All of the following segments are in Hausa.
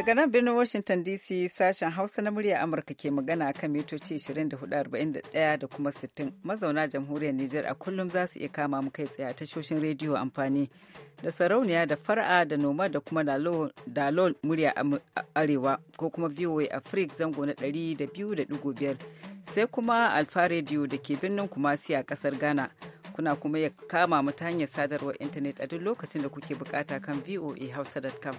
Daga nan birnin Washington DC sashen Hausa na murya Amurka ke magana a kan mitoci 24,41 da kuma 60 mazauna jamhuriyar Nijar a kullum za su iya kama mu kai tsaye a tashoshin rediyo amfani da sarauniya da far'a da noma da kuma dalol murya arewa ko kuma VOA Africa zango na 200.5 sai kuma Alfa rediyo da ke birnin Kumasi a kasar Ghana. Kuna kuma ya kama mu ta hanyar sadarwar intanet a duk lokacin da kuke bukata kan voa voahausa.com.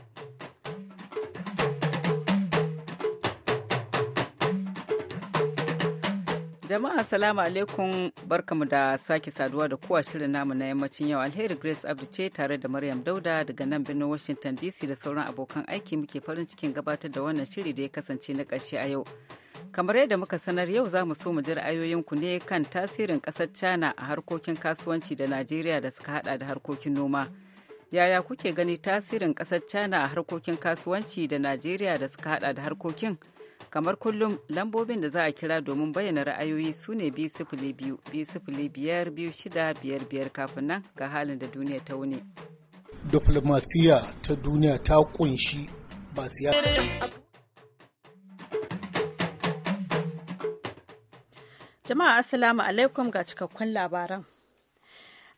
Jama'a salamu alaikum barkamu da sake saduwa da kowa shirin namu na yammacin yau alheri Grace Abdi ce tare da Maryam Dauda daga nan birnin Washington DC da sauran abokan aiki muke farin cikin gabatar da wannan shiri da ya kasance na ƙarshe a yau. Kamar yadda muka sanar yau za mu so mu ji ra'ayoyinku ne kan tasirin ƙasar China a harkokin kasuwanci da Najeriya da suka hada da harkokin noma. Yaya kuke gani tasirin ƙasar China a harkokin kasuwanci da Najeriya da suka hada da harkokin kamar kullum lambobin da za a kira domin bayyana ra'ayoyi su ne biyar kafin nan ga halin da duniya ta wuni. Diflomasiya ta duniya ta kunshi ba siyasa. Jama'a asalamu alaikum ga cikakkun labaran.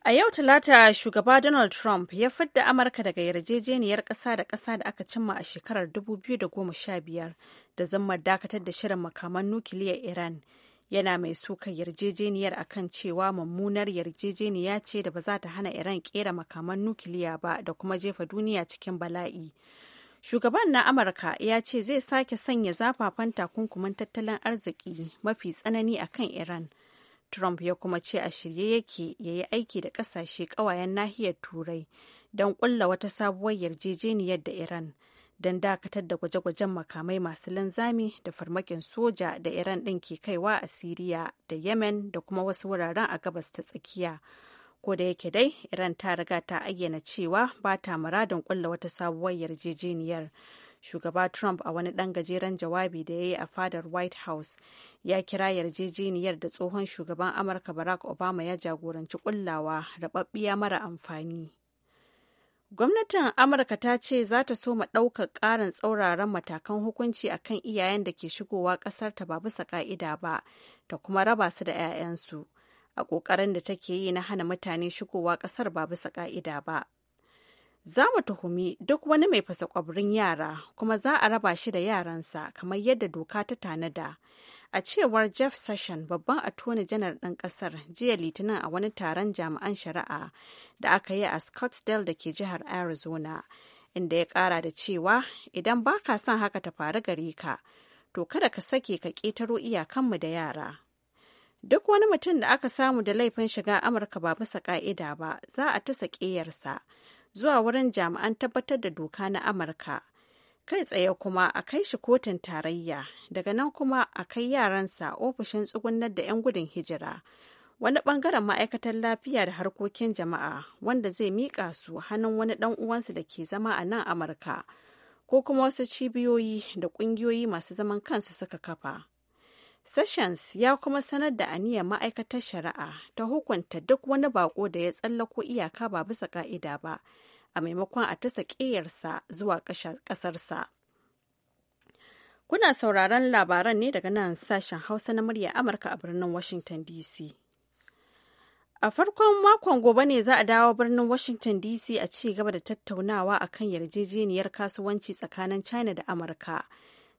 A yau Talata shugaba Donald Trump ya fadda Amurka daga yarjejeniyar ƙasa da ƙasa da aka cimma a shekarar 2015 da zan dakatar da shirin makaman nukiliyar Iran. Yana mai suka yarjejeniyar akan cewa mummunar yarjejeniya ce da ba za ta hana Iran kera makaman nukiliya ba da kuma jefa duniya cikin bala'i. Shugaban na Amurka ya ce zai sake sanya zafafan takunkumin tattalin arziki mafi tsanani akan Iran. Trump ya kuma ce a shirye yake ya yi aiki da ƙasashe ƙawayen nahiyar Turai don ƙulla wata sabuwar yarjejeniyar da Iran don dakatar da gwaje-gwajen makamai masu linzami da farmakin soja da Iran ɗin ke kaiwa a Siriya da Yemen da kuma wasu wuraren a gabas ta tsakiya. Ko da yake dai, Iran ta riga ta ayyana cewa ba ta muradin ƙulla wata sabuwar yarjejeniyar. shugaba trump a wani ɗan gajeren jawabi da ya yi a fadar white house ya kira yarjejeniyar da tsohon shugaban amurka barack obama ya jagoranci kullawa rababbiya mara amfani gwamnatin amurka ta ce za ta so ma ɗaukar ƙarin tsauraran matakan hukunci a kan iyayen da ke shigowa ƙasar ta ba bisa ƙa'ida ba ta kuma raba su da 'ya'yansu a ƙoƙarin da take yi na hana mutane shigowa ƙasar ba bisa ƙa'ida ba Za mu tuhumi duk wani mai fasa kwabrin yara kuma za a raba shi da yaransa kamar yadda doka ta tanada. A cewar Jeff Session babban attorney janar ɗan ƙasar jiya litinin a wani taron jami'an shari'a da aka yi a Scottsdale da ke jihar Arizona, inda ya ƙara da cewa idan ba ka son haka ta faru gari ka, to kada ka sake ka ƙetaro iyakanmu da yara. Duk wani mutum da aka samu da laifin shiga Amurka ba bisa ƙa'ida ba za a ta ƙeyarsa. zuwa wurin jami'an tabbatar da doka na amurka kai tsaye kuma a kai shi kotun tarayya daga nan kuma a kai yaransa ofishin tsugunar da 'yan gudun hijira wani bangaren ma'aikatar lafiya da harkokin jama'a wanda zai miƙa su hannun wani ɗan uwansu da ke zama a nan amurka ko kuma wasu cibiyoyi da ƙungiyoyi masu zaman kansu suka kafa Sessions ya kuma sanar da aniyar ma'aikatar shari'a ta hukunta duk wani bako da ya tsallako iyaka ba bisa ka'ida ba, a maimakon a tasa ƙeyarsa zuwa ƙasarsa. Kuna sauraron labaran ne daga nan sashen Hausa na murya Amurka a birnin Washington DC. A farkon makon gobe ne za a dawo birnin Washington DC a ci gaba da tattaunawa akan yarjejeniyar kasuwanci tsakanin China da Amurka.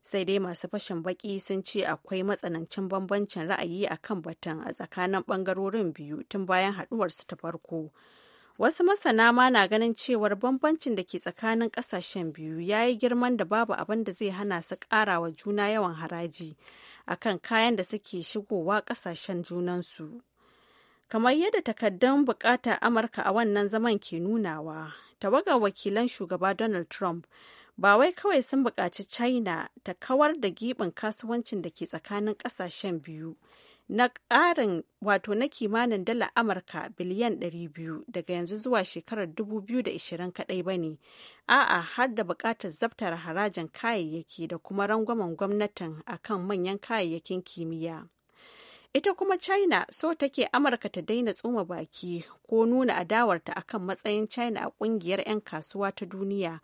sai dai masu fashin baki sun ce akwai matsanancin bambancin ra'ayi a kan batun a tsakanin bangarorin biyu tun bayan su ta farko wasu masana ma na ganin cewar bambancin da ke tsakanin kasashen biyu ya yi girman da babu abin da zai hana su kara wa juna yawan haraji akan kayan da suke shigowa kasashen junansu kamar yadda takaddun bukatar amurka a wannan zaman ke nunawa tawagar wakilan shugaba donald trump ba wai kawai sun buƙaci china ta kawar da giɓin kasuwancin da ke tsakanin ƙasashen biyu na ƙarin wato na kimanin dala amurka biliyan 200 daga yanzu zuwa shekarar 2020 kaɗai ba ne a'a har da buƙatar zabtar harajin kayayyaki da kuma rangwamen gwamnatin akan manyan kayayyakin kimiyya ita kuma china so take amurka ta daina tsoma baki ko nuna adawarta akan matsayin china a ƙungiyar 'yan kasuwa ta duniya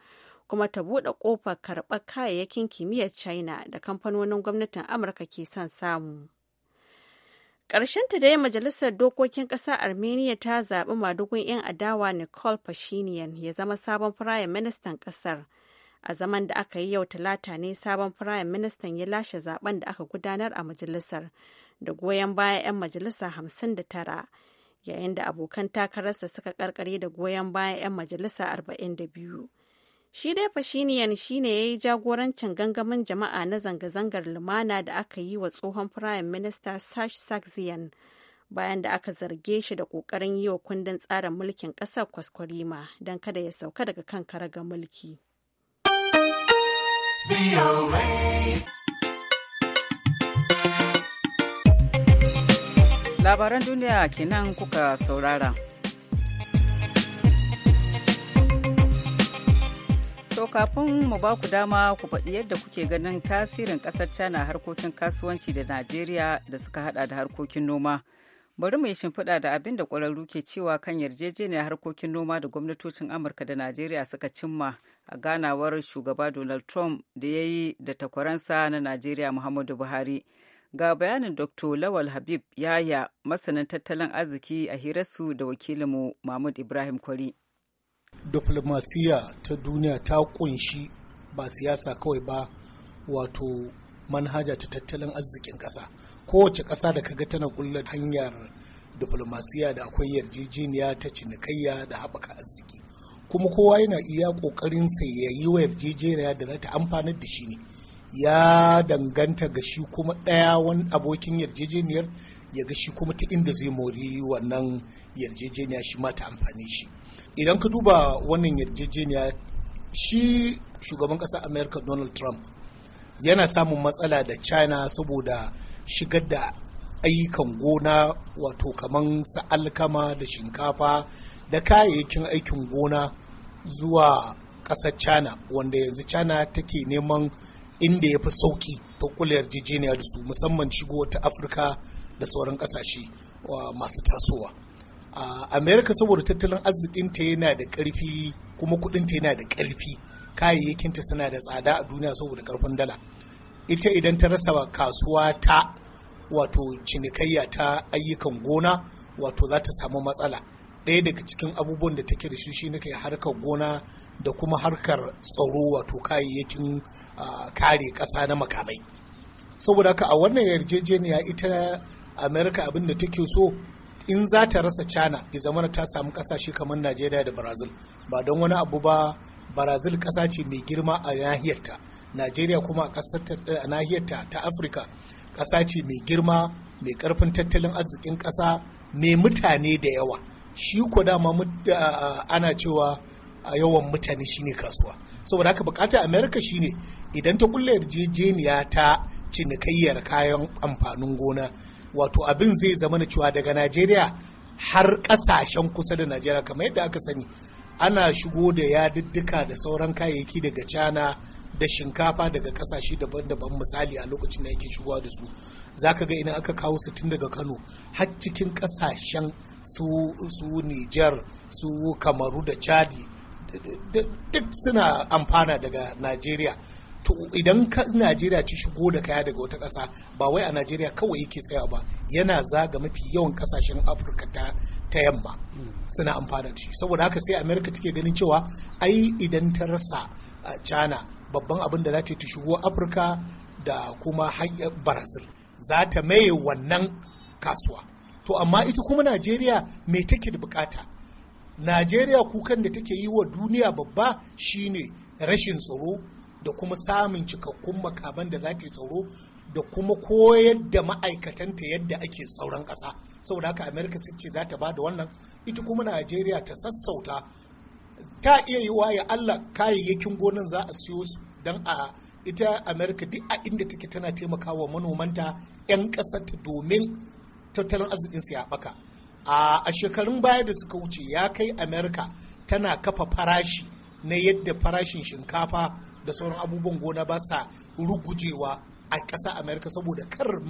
kuma ta buɗe ƙofar karɓar kayayyakin kimiyyar china da kamfanonin gwamnatin amurka ke son samu ta dai majalisar dokokin ƙasar armenia ta zaɓi madugun 'yan adawa nicole pashinyan ya zama sabon firayim ministan ƙasar a zaman da aka yi yau talata ne sabon firayim ministan ya lashe zaben da aka gudanar a majalisar da goyon bayan 'yan majalisa hamsin da tara yayin da abokan takararsa suka karkare da goyon bayan 'yan majalisa biyu. Shi dai Fashiniyan shi ne ya yi jagorancin gangamin jama'a na zanga-zangar lumana da aka yi wa tsohon Firayim Minista Sash bayan da aka zarge shi da ƙoƙarin yi wa kundin tsarin mulkin ƙasar kwaskwarima don kada ya sauka daga kan karaga mulki. Labaran duniya kenan kuka saurara. To kafin mu ba ku dama ku faɗi yadda kuke ganin tasirin ƙasar China harkokin kasuwanci da Najeriya da suka hada da harkokin noma. Bari mu yi shimfiɗa da abin da ƙwararru ke cewa kan yarjejeniyar harkokin noma da gwamnatocin Amurka da Najeriya suka cimma a ganawar shugaba Donald Trump da ya yi da takwaransa na Najeriya Muhammadu Buhari. Ga bayanin Dr. Lawal Habib Yaya, masanin tattalin arziki a hirarsu da wakilinmu Mahmud Ibrahim Kwari. diflomasiya ta duniya ta kunshi ba siyasa kawai ba wato manhaja ta tattalin arzikin ƙasa kowace ƙasa da kaga tana kulla hanyar diflomasiya da akwai yarjejeniya ta cinikayya da haɓaka arziki kuma kowa yana iya ƙoƙarin sa ya yi wa yarjejeniya da za ta amfanar da shi ne ya danganta ga shi kuma ɗaya wani abokin yarjejeniyar ya ga shi kuma ta inda zai mori wannan yarjejeniya shi ma ta amfani shi idan ka duba wannan yarjejeniya shi shugaban ƙasar america donald trump yana samun matsala da china saboda shigar da ayyukan gona wato kaman su alkama da shinkafa da kayayyakin aikin gona zuwa ƙasar china wanda yanzu china take neman inda ya fi sauki ta kula yarjejeniya da su musamman shigo ta afirka da sauran ƙasashe masu tasowa a america saboda tattalin arzikinta yana da karfi kuma kudinta yana da karfi kayayyakinta suna da tsada a duniya saboda karfin dala ita idan ta rasa kasuwa ta wato cinikayya ta ayyukan gona wato za ta samu matsala ɗaya daga cikin abubuwan da take da shi shi kai harkar gona da kuma harkar tsaro wato kayayyakin kare ƙasa na makamai saboda haka a wannan yarjejeniya ita amerika abin da take so in za ta rasa china ya zamana ta samu kasashe kamar najeriya da brazil ba don wani abu ba brazil kasa ce mai girma a nahiyarta najeriya kuma a nahiyarta ta afirka kasa ce mai girma mai karfin tattalin arzikin kasa mai mutane da yawa shi ko dama ana cewa a yawan mutane shine kasuwa saboda haka bukatar america shine idan ta kulle yarjejeniya ta cinikayyar kayan amfanin gona wato abin zai zama na cewa daga najeriya har kasashen kusa da najeriya kamar yadda aka sani ana shigo da yadiddika da sauran kayayyaki daga cana da shinkafa daga kasashe daban-daban misali a lokacin da yake shigowa da su za ka ga idan aka kawo su tun daga kano har cikin kasashen su Niger su kamaru da chadi duk suna amfana daga najeriya to idan najeriya ci shigo da kaya daga wata ƙasa ba wai a najeriya kawai yake tsaya ba yana zaga mafi yawan ƙasashen afirka ta yamma suna amfana da shi saboda haka sai Amerika take ganin cewa ai idan ta rasa china babban abin da za ta ta shigo afirka da kuma brazil za ta maye wannan kasuwa to amma ita kuma najeriya me take da bukata najeriya kukan da take yi wa duniya babba shine rashin tsaro da kuma samun cikakkun makaman da za ta yi tsaro da kuma koyar da ma'aikatanta yadda ake tsauran ƙasa saboda haka amerika sun ce za ta ba da wannan ita kuma najeriya ta sassauta ta iya yi waye allah kayayyakin gonan za a siyo su don a ita amerika duk a inda take tana taimakawa manomanta 'yan ƙasarta domin tattalin arzikinsu ya baka a shekarun baya da suka wuce ya kai amerika tana kafa farashi na yadda farashin shinkafa da sauran abubuwan gona ba sa rugujewa a ƙasa Amurka, saboda kar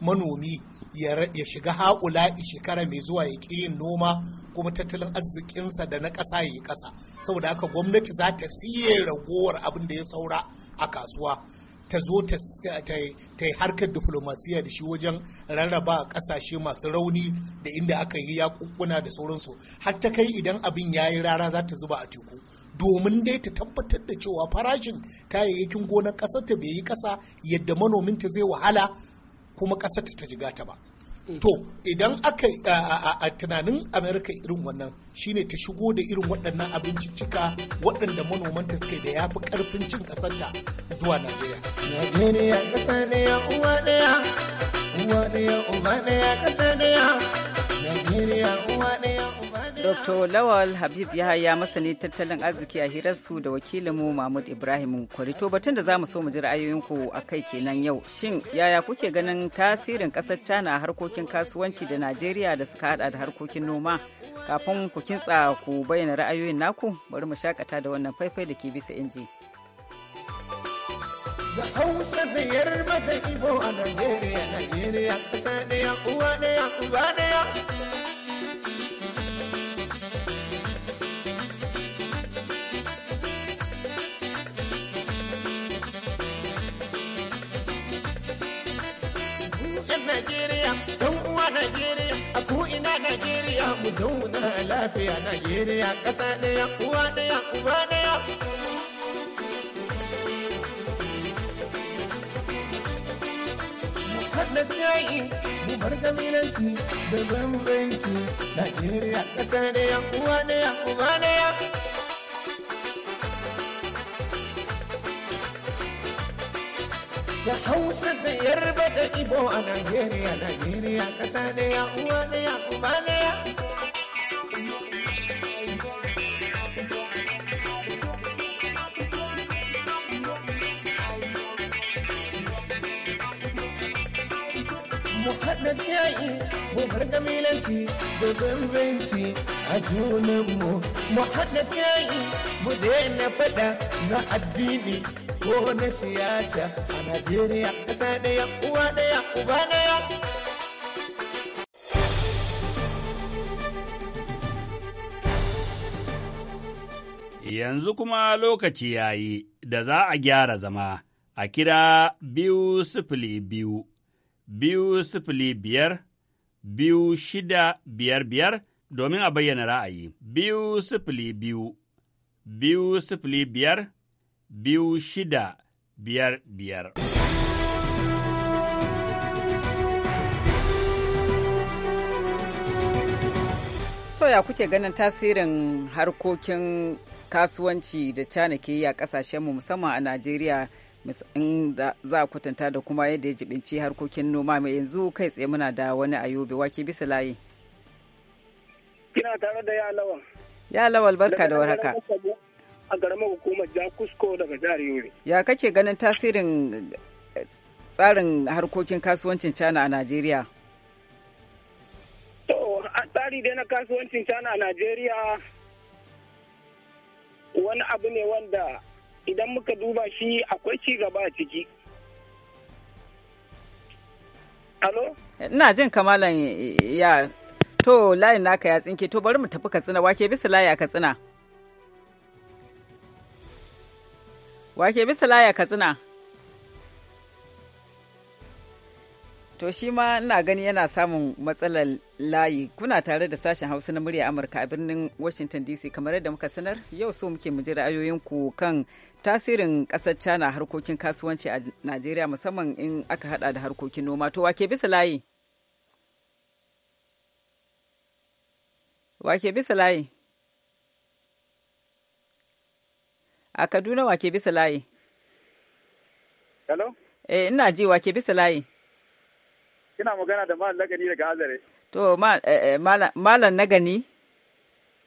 manomi ya shiga haƙula shekara mai zuwa ya ƙi yin noma kuma tattalin arzikinsa da na ƙasa ya yi ƙasa saboda haka gwamnati za ta siye ragowar abin da ya saura a kasuwa ta zo ta yi harkar diplomasiya da shi wajen rarraba kasashe masu rauni da inda aka yi yakunkuna da sauransu har ta kai idan abin ya yi rara za ta zuba a teku domin dai ta tabbatar da cewa farashin kayayyakin gonar ƙasar ta bai yi ƙasa yadda manominta zai wahala kuma ƙasar ta jiga ta ba Mm. to idan aka a tunanin america irin wannan shine ta shigo da irin waɗannan cika waɗanda manomanta suke da ya fi ƙarfin cin ƙasarta zuwa najeriya najeriya uwa ɗaya uwa ɗaya uba ɗaya ƙasa najeriya uwa ɗaya Dr. Lawal Habib ya haya masani tattalin arziki a hirarsu da wakilinmu Mahmud Ibrahim Kwarito batun da za mu so mu ji ra'ayoyinku a kai kenan yau. Shin yaya kuke ganin tasirin ƙasar China a harkokin kasuwanci da Najeriya da suka hada da harkokin noma? Kafin ku kintsa ku bayyana ra'ayoyin naku, bari mu shakata da wannan faifai da ke bisa inji. Da Hausa da Yarba da a Najeriya, Najeriya ƙasa ɗaya, uwa ɗaya, uba ɗaya. Najeriya, ɗan uwa Najeriya, a ko'ina ina Najeriya mu zauna lafiya Najeriya ƙasa ɗaya, uwa ɗaya, uba ɗaya. kaɗa yayi mu bar gamilanci da bambanci Najeriya ƙasa ɗaya, uwa ɗaya, uba ɗaya. da hausa da yarba da ibo a Najeriya, Najeriya ƙasa da ya uwa da ya uba da ya. Mu haɗa yayi, mu bar gamilanci da bambanci a junanmu. Mu haɗa yi mu daina faɗa na addini ko na siyasa a Najeriya ƙasa ɗaya uwa uba Yanzu kuma lokaci ya yi da za a gyara zama a kira biyu sifili biyu, biyu sifili biyar, biyu shida biyar biyar domin a bayyana ra'ayi, biyu sifili biyu, biyu sifili biyar, biyu shida biyar biyar. ya kuke ganin tasirin harkokin kasuwanci da cana ke yi a kasashenmu musamman a najeriya in za a kwatanta da kuma yadda ya jibinci harkokin noma mai yanzu kai tsaye muna da wani ayobe wake bisa layi kina tare da ya lawal ya lawal barka da warhaka a garamar hukumar Jakusko daga jihar Yobe. Ya kake ganin tasirin eh, tsarin harkokin kasuwancin China a Najeriya? To, a tsari dai na kasuwancin China a Najeriya wani abu ne wanda idan muka duba shi akwai ci gaba a ciki. Alo? Ina jin kamalan ya to layin naka ya tsinke to bari mu tafi katsina wake bisa layi a katsina. Wake bisa laya Katsina. To shi ma ina gani yana samun matsalar layi kuna tare da sashen hausa na murya Amurka a birnin Washington DC kamar yadda muka sanar yau so muke muje ji ra'ayoyinku kan tasirin ƙasar China harkokin kasuwanci a Najeriya musamman in aka hada da harkokin noma to wake bisa layi. Wake bisa layi. A Kaduna wake bisa layi? Hello? Eh, ina ji wake bisa layi? Kina magana da Malam Nagani daga Azare. To, eh, eh, Malam Nagani?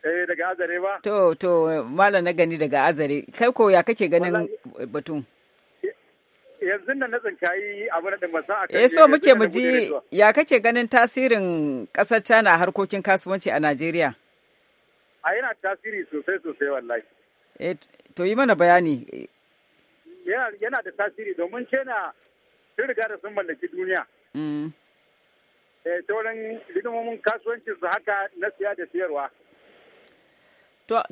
Eh, daga Azare ba. To, to, Malam Nagani daga Azare. Kai ko ya kake ganin batun? yanzu nan na tsinkayi abu na ɗin masa a eh, so muke mu ji ya kake ganin tasirin kasar China harkokin kasuwanci a Najeriya? A yana tasiri sosai sosai wallahi. Eh, to yi mana bayani. Yana da tasiri domin ce na sun riga da sun mallaki duniya. Mm. Eh, ta wurin hidimomin kasuwancin su haka na siya da siyarwa.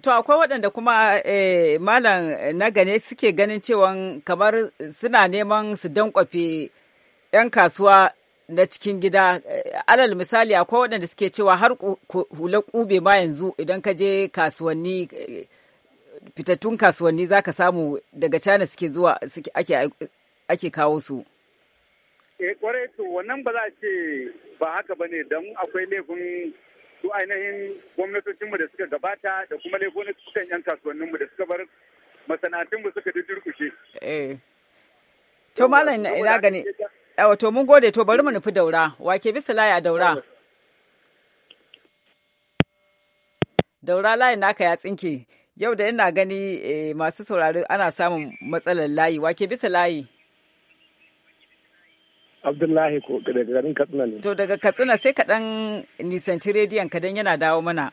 To akwai waɗanda kuma eh, malam na gane suke ganin cewa kamar suna neman su dankwafe 'yan kasuwa na cikin gida alal misali akwai waɗanda suke cewa har hula kube ma yanzu idan ka je kasuwanni fitattun kasuwanni za ka samu daga China suke zuwa ake kawo su. Eh kwarai to wannan ba za a ce ba haka ba ne don akwai laifin su ainihin gwamnatocinmu da suka gabata da kuma laifin sukan 'yan kasuwanninmu da suka bar masana'antunmu suka durkushe. Eh. To malam ina gani. Yawa eh, to mun gode to bari mu nufi daura. Wake bisa laya daura. Daura layin naka ya tsinke. Yau da yana gani e, masu saurari ana samun matsalar layi, wake bisa layi. Abdullahi ko daga garin Katsina ne. To daga Katsina sai ka dan nisanci rediyon ka dan yana dawo mana.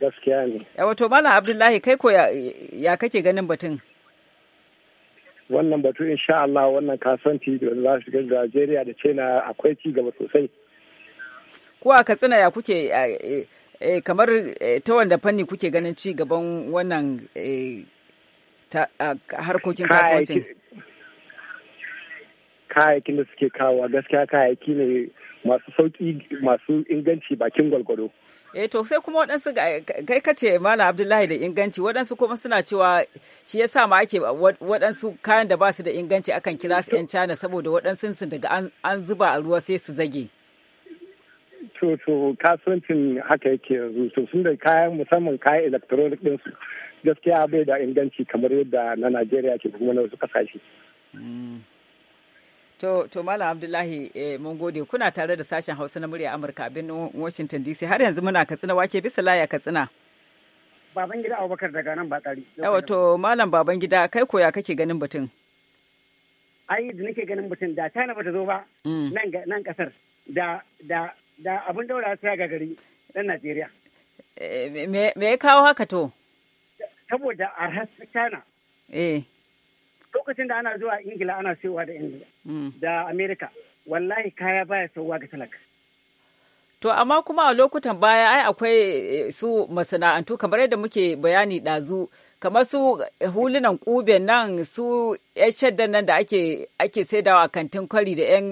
Gaskiya ne. Yawa to Malam Abdullahi kai ko ya, ya kake ganin batun? Wannan batu insha Allah wannan kasuwanci da za su shiga Najeriya da China akwai ci gaba sosai. Ko a Katsina ya kuke eh, eh, kamar eh, ta wanda fanni kuke ganin ci gaban wannan eh, harkokin kasuwancin kayayyakin da suke kawo gaskiya kayayyaki ne masu sauki masu inganci bakin gwalgwado eh to sai kuma waɗansu kai kace malam abdullahi da inganci waɗansu kuma suna cewa shi yasa ma ake waɗansu kayan da ba su da inganci akan kira su yan china saboda waɗansu daga an zuba a ruwa sai su zage to to kasuwancin haka yake yanzu to sun da kayan musamman kayan electronic din su gaskiya bai da inganci kamar yadda na Najeriya ke kuma na wasu kasashe. Mm. To, to Malam Abdullahi eh, mun gode kuna tare da sashen Hausa na murya Amurka a Washington DC har yanzu muna Katsina wake bisa laya Katsina. Baban gida Abubakar daga nan ba tsari. Yawa to Malam Baban gida kai koya kake ganin batun? Ai da nake ganin batun da China bata zo ba mm. nan nan kasar da da da abin daura sai ga gari na Najeriya. Eh, me ya kawo haka to? Saboda a China. Eh. Lokacin da ana zuwa Ingila ana sayowa da Ingila hmm. da Amerika wallahi kaya baya sauwa ga talaka. To amma kuma a lokutan baya ai akwai eh, su masana'antu kamar yadda muke bayani ɗazu kamar su hulunan kube nan su yan shaddan nan da ake ake saidawa a kantin kwari da yan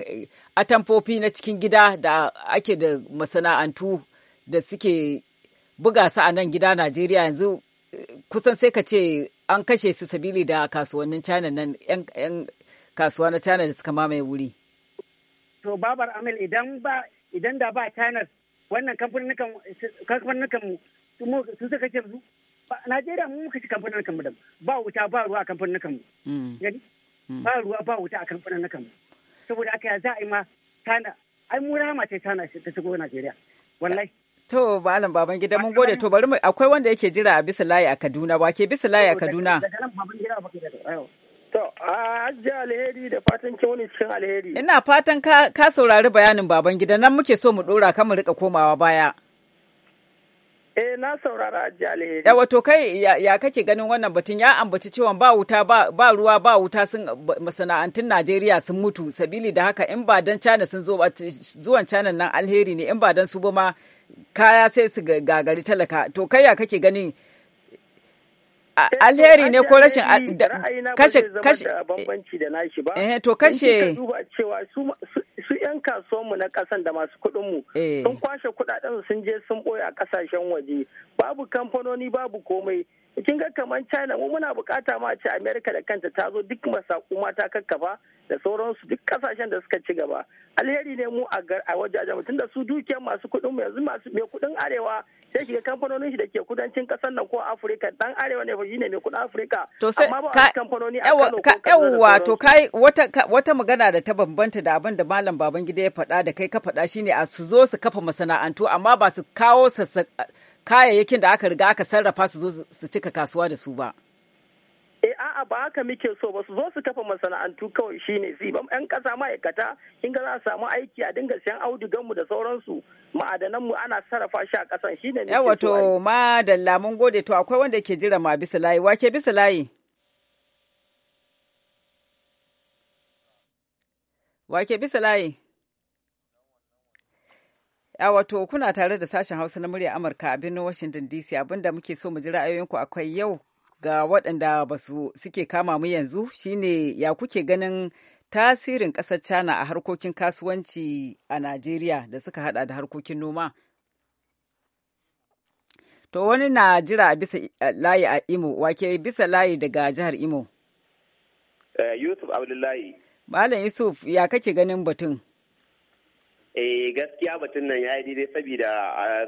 atamfofi na cikin gida da ake da masana'antu da suke buga su a nan gida Najeriya yanzu kusan sai ka ce an kashe su sabili da kasuwannin China nan yan kasuwa na China da suka mamaye wuri. To babar Amil idan ba idan da ba China wannan kamfanin nukan su suka ce su Najeriya mun muka ci kamfanin kanmu da ba wuta ba ruwa a kamfanin kanmu. Hmm. Hmm. Ba ruwa ba wuta a kamfanin kanmu. Saboda aka yi za a yi ma tana ai mu rama ce tana ta shigo Najeriya. Wallahi. To malam baban gida mun gode to bari mu akwai wanda yake jira a bisa layi a Kaduna ba ke bisa layi a Kaduna. To a alheri da fatan ki wani cikin alheri. Ina fatan ka saurari bayanin baban gida nan muke so mu dora kamar rika komawa baya. Eh na saurara ajiyale. Ya wato kai ya kake ganin wannan batun ya ambaci cewa ba wuta ba ruwa ba wuta sun masana'antun Najeriya sun mutu sabili da haka in ba dan China sun zo zuwan China nan alheri ne in ba dan su ba ma kaya sai su gagari talaka to kai ya kake ganin eh, alheri ne ko rashin kashe kashe bambanci da nashi ba eh to kashe duba cewa su su 'yan mu na kasan da masu mu eh. sun kwashe kuɗaɗen sun je sun ɓoye a kasashen waje babu kamfanoni babu komai kin ga kamar china mu muna bukata ma ce america da kanta ta zo duk masaku mata kakkafa da sauransu duk kasashen da suka ci gaba alheri ne mu a wajajen mutum da su dukiyar masu kuɗin yanzu masu mai kuɗin arewa sai shiga kamfanonin shi da ke kudancin kasar nan ko afirka dan arewa ne shi ne mai kudin afirka to sai ka kamfanoni a kano ko to kai wata wata magana da ta bambanta da abin da malam gida ya faɗa da kai ka faɗa shine a su zo su kafa masana'antu amma ba su kawo kayayyakin da aka riga aka sarrafa su zo su cika kasuwa da su ba a'a ba haka muke so ba su zo su kafa masana'antu kawai shine su ba yan kasa ma'aikata in ga za su samu aiki a dinga siyan audugan mu da sauransu ma'adanan mu ana sarrafa shi a kasan shine ne wato ma da lamun gode to akwai wanda ke jira ma bisa layi wake bisa layi wake bisa layi a wato kuna tare da sashen hausa na murya amurka a birnin washington dc abinda muke so mu ji ra'ayoyinku akwai yau ga waɗanda ba su suke kama mu yanzu shine ya kuke ganin tasirin ƙasar China a harkokin kasuwanci a Najeriya da suka hada da harkokin noma. To wani na jira a bisa layi a Imo, wake bisa layi daga jihar Imo. Eh, Yusuf Abdullahi. Malam Yusuf, ya kake ganin batun? eh gaskiya batun nan ya yi daidai saboda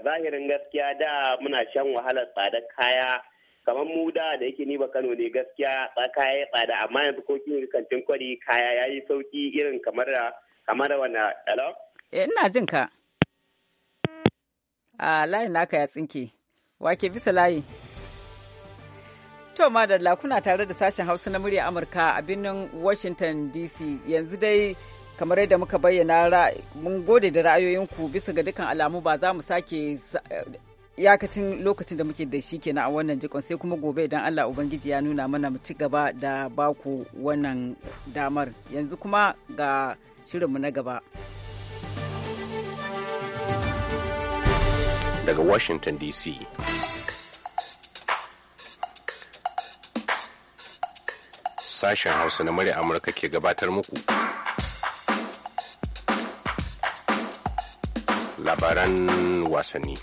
zahirin gaskiya da muna shan wahalar tsadar kaya kamar mu da da yake ni ba Kano ne gaskiya tsaka ya tsada amma yanzu ko kin kantin kwari kaya yayi sauki irin kamar da kamar da wannan hello eh, ina jin ka a layin naka ya tsinke wake bisa layi To madalla kuna tare da sashen Hausa na murya Amurka a birnin Washington DC yanzu dai kamar yadda muka bayyana mun gode da ra'ayoyinku bisa ga dukkan alamu ba za mu sake iyakacin lokacin da muke da shi kenan a wannan jikon sai kuma gobe idan Allah Ubangiji ya nuna mana mu ci gaba da baku wannan damar yanzu kuma ga shirin mu na gaba. Daga Washington DC. Sashen Hausa na murya Amurka ke gabatar muku. labaran wasanni.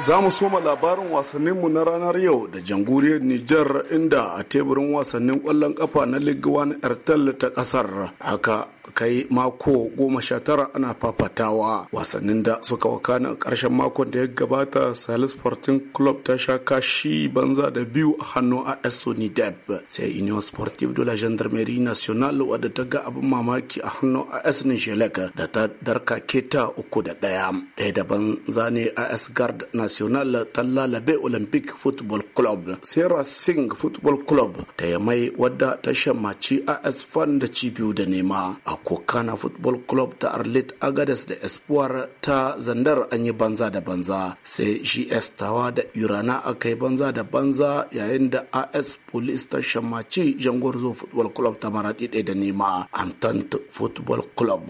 Za mu soma labarin wasanninmu na ranar yau da jamhuriyar Nijar inda a teburin wasannin ƙwallon ƙafa na ligwan 1 Ertel ta ƙasar haka kai mako goma sha tara ana fafatawa wasannin da suka wakana karshen makon da ya gabata salis sporting club ta sha kashi banza da biyu a hannu a esoni deb sai union sportive de la gendarmerie nationale wadda ta ga abin mamaki a hannu hannun as nishelek da ta darka keta uku da daya daya banza ne as guard national ta lalabe olympic football club sai racing football club ta yamai wadda ta a as fan da cibiyu da nema a kokana football club ta arlit agadas da espoir ta zandar an yi banza da banza sai gs tawa da urana aka yi banza da banza yayin da as police ta shamaci jangorzo football club ta maradi ɗaya da nema amtant football club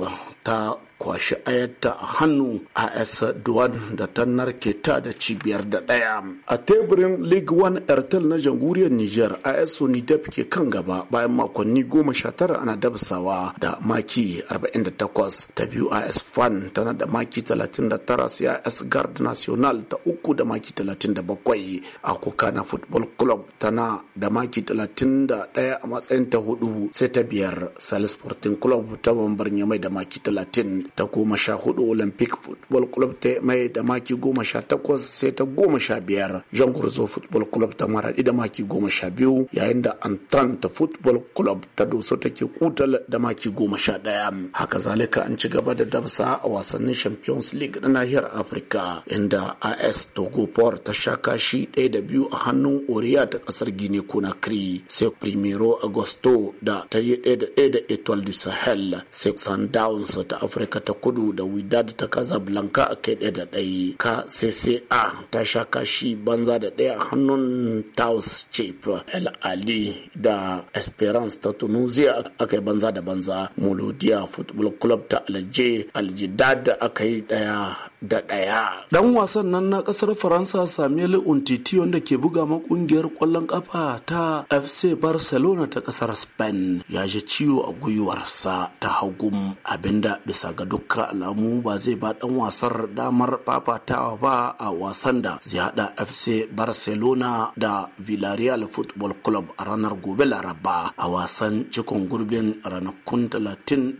ta kwashi ayatta a hannu AS Duwan da ta narke ta da cibiyar da daya. A teburin League One Airtel na jamhuriyar Nijar AS Sonidep ke kan gaba bayan makonni goma sha tara ana dabsawa da maki 48 ta biyu AS Fan tana da maki 39 sai AS Guard National ta uku da maki 37 a Kukana Football Club tana da maki talatin da 31 a matsayin ta hudu sai ta biyar salisportin Sporting Club ta bambar mai da maki talatin. ta goma sha hudu olympic football club ta mai da maki goma sha takwas sai ta goma sha biyar jean gurzo football club ta mara da maki goma sha biyu yayin da ta football club ta doso take kutal da maki goma sha daya haka zalika an ci gaba da dabsa a wasannin champions league na nahiyar afirka inda as togo power ta sha kashi ɗaya da biyu a hannun oriya ta kasar guinea conakry sai primero agosto da ta yi ɗaya da ɗaya da etoile du sahel sai sundowns ta afirka afirka ta kudu da widad ta casablanca a kai ɗaya da ɗaya ka cca ta sha kashi banza da ɗaya a hannun Ta'us chip el ali da esperance ta tunisia aka yi banza da banza Molodia football club ta alje aljidad aka yi ɗaya da ɗaya. Dan wasan nan na ƙasar Faransa Samuel Umtiti wanda ke buga ma ƙungiyar ƙwallon ƙafa ta FC Barcelona ta ƙasar Spain ya ji ciwo a gwiwarsa ta hagun abinda bisa ga dukkan alamu ba zai ba ɗan wasar damar fafatawa ba a wasan da zai haɗa FC Barcelona da Villarreal Football Club a ranar gobe Laraba a wasan cikon gurbin ranakun 34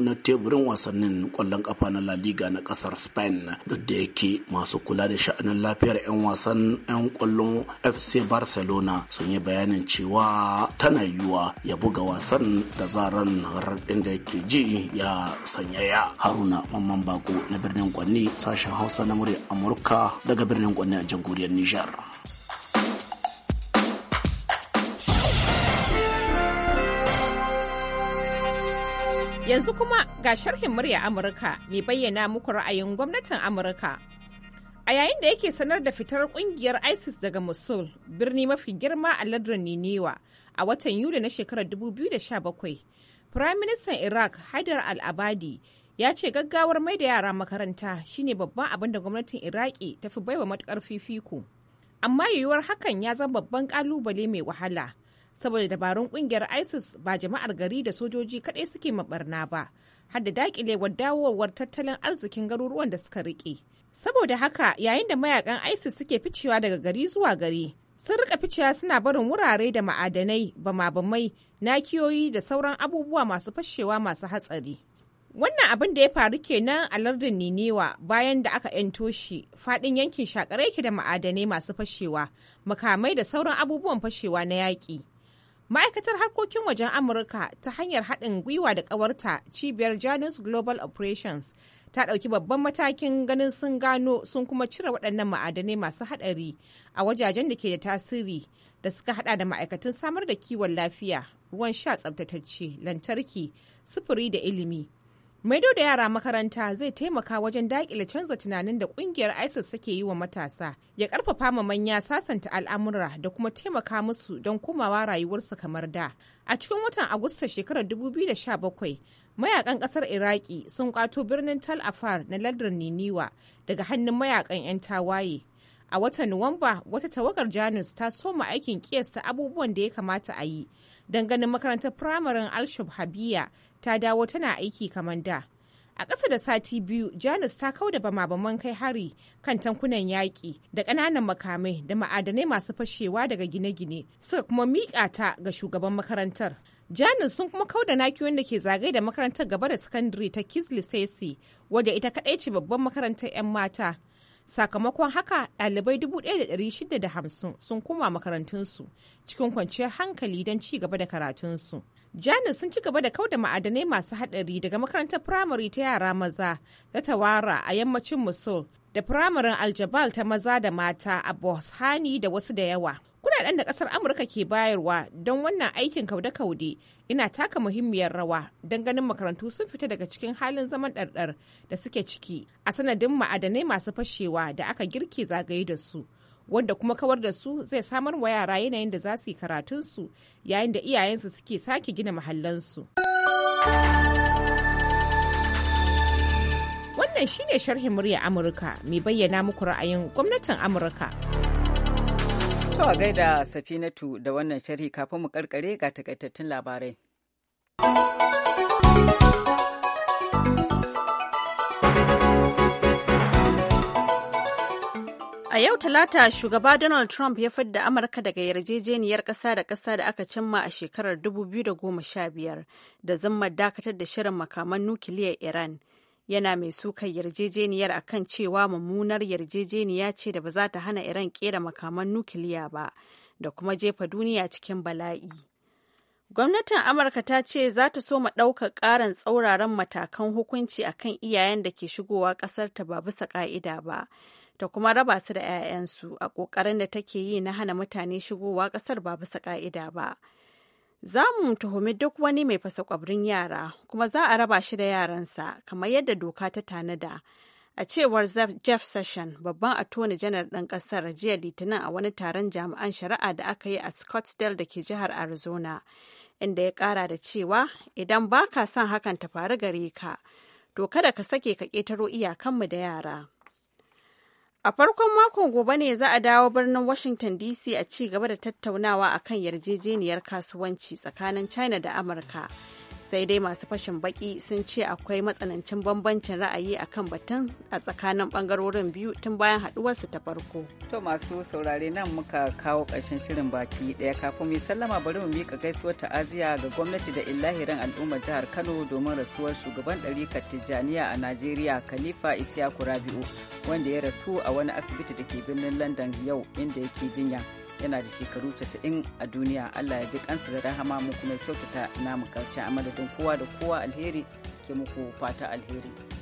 na teburin wasannin ƙwallon ƙafa na La Liga na ƙasar Spain. duk da yake masu kula da sha'anin lafiyar 'yan wasan 'yan kwallon fc barcelona sun yi bayanin cewa tana yiwuwa ya buga wasan da zaran raɗin da yake ji ya sanyaya haruna mamman bako na birnin kwanni sashen hausa na murya amurka daga birnin kwanni a jamhuriyar nijar Yanzu kuma ga sharhin murya Amurka mai bayyana muku ra'ayin gwamnatin Amurka. A yayin da yake sanar da fitar kungiyar ISIS daga Mosul, birni mafi girma a lardin Ninewa a watan Yuli na shekarar 2017, Firaministan Iraq Haidar al-Abadi ya ce gaggawar mai da yara makaranta shine babban abin da gwamnatin Iraki ta fi baiwa matukar fifiko. Amma yiwuwar hakan ya zama babban kalubale mai wahala saboda dabarun kungiyar isis ba jama'ar gari da sojoji kaɗai suke mabarna ba har da dakilewar dawowar tattalin arzikin garuruwan da suka riƙe. saboda haka yayin da mayakan isis suke ficewa daga gari zuwa gari sun rika ficewa suna barin wurare da ma'adanai bamabamai, nakiyoyi da sauran abubuwa masu fashewa masu hatsari wannan abin da ya faru kenan a lardin ninewa bayan da aka yanto shi fadin yankin shakarai ke da ma'adanai masu fashewa makamai da sauran abubuwan fashewa na yaƙi Ma'aikatar harkokin wajen Amurka ta hanyar haɗin gwiwa da ƙawarta cibiyar Janus Global Operations ta ɗauki babban matakin ganin sun gano sun kuma cire waɗannan ma'adanai masu haɗari a wajajen da ke da tasiri da suka haɗa da ma'aikatan samar da kiwon lafiya, ruwan sha tsabtatacce, lantarki, sufuri da ilimi. Maido da yara makaranta zai taimaka wajen daƙile canza tunanin da ƙungiyar ISIS suke yi wa matasa, ya ƙarfafa ma manya sasanta al'amura da kuma taimaka musu don komawa rayuwarsu kamar da. A cikin watan Agusta shekarar 2017, mayakan ƙasar Iraki sun ƙwato birnin Tal Afar na lardar Niniwa daga hannun mayakan 'yan tawaye. A watan Nuwamba, wata tawagar Janus ta soma aikin ƙiyasta abubuwan da ya kamata a yi. dangane makarantar firamaren Alshub Habiya ta dawo tana aiki kamar da a ƙasa da sati biyu Janus ta kau da bama-baman kai hari kan tankunan yaƙi da ƙananan makamai da ma'adanai masu fashewa daga gine-gine suka kuma miƙa ta ga shugaban makarantar Janus sun kuma kau da naki wanda ke zagaye da makarantar gaba da sakandare ta kisli sesi wadda ita kaɗai ce babban makarantar 'yan mata sakamakon haka ɗalibai 1,650 sun koma makarantunsu cikin kwanciyar hankali don ci gaba da karatunsu janis sun ci gaba da kau da ma'adanai masu haɗari daga makarantar firamare ta yara maza ta tawara a yammacin musul da firamarin aljabal ta maza da mata a boshani da wasu da yawa kudaden da kasar amurka ke bayarwa don wannan aikin kaude-kaude ina taka muhimmiyar rawa don ganin makarantu sun fita daga cikin halin zaman ɗarɗar da suke ciki a sanadin ma'adanai masu fashewa da aka girke zagaye da su wanda kuma kawar da su zai samar wa yara yanayin da za su yi karatunsu yayin da iyayensu suke sake gina mahallansu. Wannan shine sharhin murya Amurka mai bayyana muku ra'ayin gwamnatin Amurka. To a gaida Safinatu da wannan sharhi kafin mu karkare ga takaitattun labarai. A yau Talata shugaba Donald Trump ya fidda Amurka daga yarjejeniyar ƙasa da ƙasa da aka cimma a shekarar 2015 da zammar dakatar da shirin makaman nukiliyar Iran yana mai sukar yarjejeniyar akan cewa mummunar yarjejeniya ce da ba za ta hana iran kera makaman nukiliya ba da kuma jefa duniya cikin bala'i gwamnatin amurka ta ce za ta so ɗaukar ƙarin tsauraran matakan hukunci a kan iyayen da ke shigowa ƙasar ta ba bisa ƙa'ida ba ta kuma raba su da 'ya'yansu a ƙoƙarin da take yi na hana mutane shigowa ƙasar ba bisa ƙa'ida ba. Za mu tuhumi duk wani mai fasa kwabrin yara kuma za a raba shi da yaransa kamar yadda doka ta tanada. A cewar Jeff Session, babban attorney janar ɗan ƙasar jiya Litinin a wani taron jami'an shari'a da aka yi a Scottsdale da ke jihar Arizona, inda ya ƙara da cewa idan ba ka son hakan ta faru gare ka, to kada ka sake ka ƙetaro iyakanmu da yara. A farkon makon gobe ne za a dawo birnin Washington DC a ci gaba da tattaunawa akan yarjejeniyar kasuwanci tsakanin China da Amurka. sai dai masu fashin baki sun ce akwai matsanancin bambancin ra'ayi a kan batun a tsakanin bangarorin biyu tun bayan haduwarsu ta farko. To masu saurare nan muka kawo ƙarshen shirin baki ɗaya kafin mu sallama bari mu miƙa gaisuwar ta'aziya ga gwamnati da illahirin al'ummar jihar Kano domin rasuwar shugaban ɗarikar Tijjaniya a Najeriya Khalifa Isiyaku Rabi'u wanda ya rasu a wani asibiti da ke birnin London yau inda yake jinya. yana da shekaru 90 a duniya allah ya ji kansa da rahama mu kuma kyautata namu karshe a madadin kowa da kowa alheri ke muku fata alheri